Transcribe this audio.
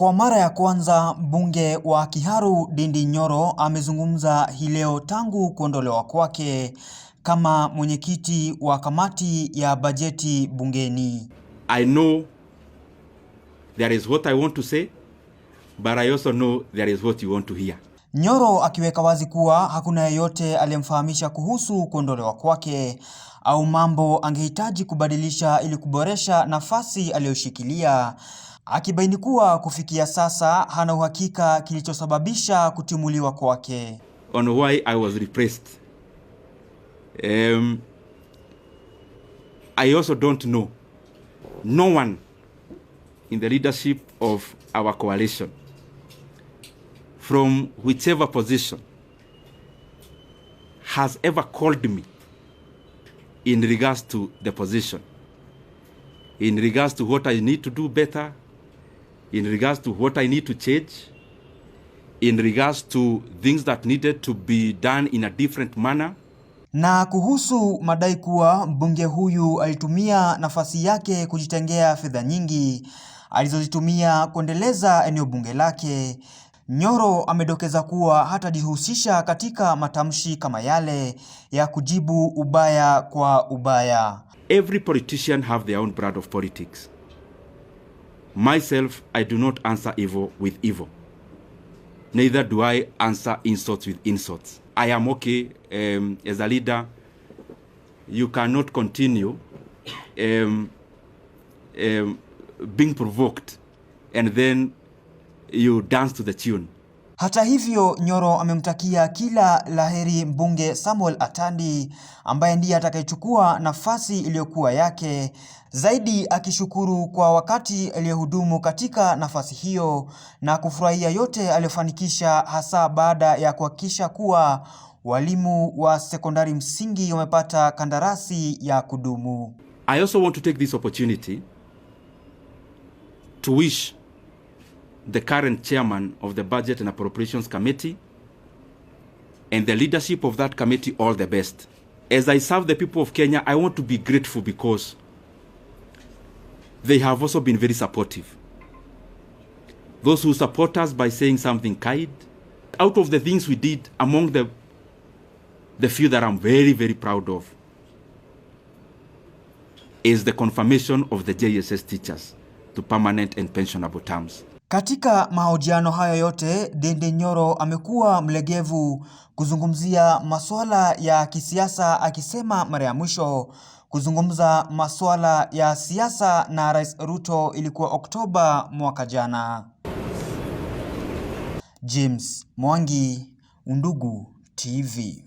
Kwa mara ya kwanza mbunge wa Kiharu Ndindi Nyoro amezungumza hii leo tangu kuondolewa kwake kama mwenyekiti wa kamati ya bajeti bungeni. I know there is what I want to say but I also know there is what you want to hear. Nyoro akiweka wazi kuwa hakuna yeyote aliyemfahamisha kuhusu kuondolewa kwake au mambo angehitaji kubadilisha ili kuboresha nafasi aliyoshikilia akibaini kuwa kufikia sasa hana uhakika kilichosababisha kutimuliwa kwake. On why I was repressed. Um, I also don't know. No one in the leadership of our coalition from whichever position has ever called me in regards to the position in regards to what I need to do better in regards to what I need to change, in regards to things that needed to be done in a different manner. Na kuhusu madai kuwa mbunge huyu alitumia nafasi yake kujitengea fedha nyingi alizozitumia kuendeleza eneo bunge lake, Nyoro amedokeza kuwa hatajihusisha katika matamshi kama yale ya kujibu ubaya kwa ubaya. Every politician have their own brand of politics. Myself, I do not answer evil with evil, neither do I answer insults with insults. I am okay um, as a leader. You cannot continue um, um, being provoked and then you dance to the tune. Hata hivyo, Nyoro amemtakia kila laheri mbunge Samuel Atandi ambaye ndiye atakayechukua nafasi iliyokuwa yake, zaidi akishukuru kwa wakati aliyohudumu katika nafasi hiyo na kufurahia yote aliyofanikisha, hasa baada ya kuhakikisha kuwa walimu wa sekondari msingi wamepata kandarasi ya kudumu. I also want to take this opportunity to wish the current chairman of the Budget and Appropriations Committee and the leadership of that committee all the best. As I serve the people of Kenya, I want to be grateful because they have also been very supportive. Those who support us by saying something kind. Out of the things we did, among the, the few that I'm very, very proud of, is the confirmation of the JSS teachers to permanent and pensionable terms. Katika mahojiano hayo yote, Dende Nyoro amekuwa mlegevu kuzungumzia masuala ya kisiasa, akisema mara ya mwisho kuzungumza masuala ya siasa na Rais Ruto ilikuwa Oktoba mwaka jana. James Mwangi, Undugu TV.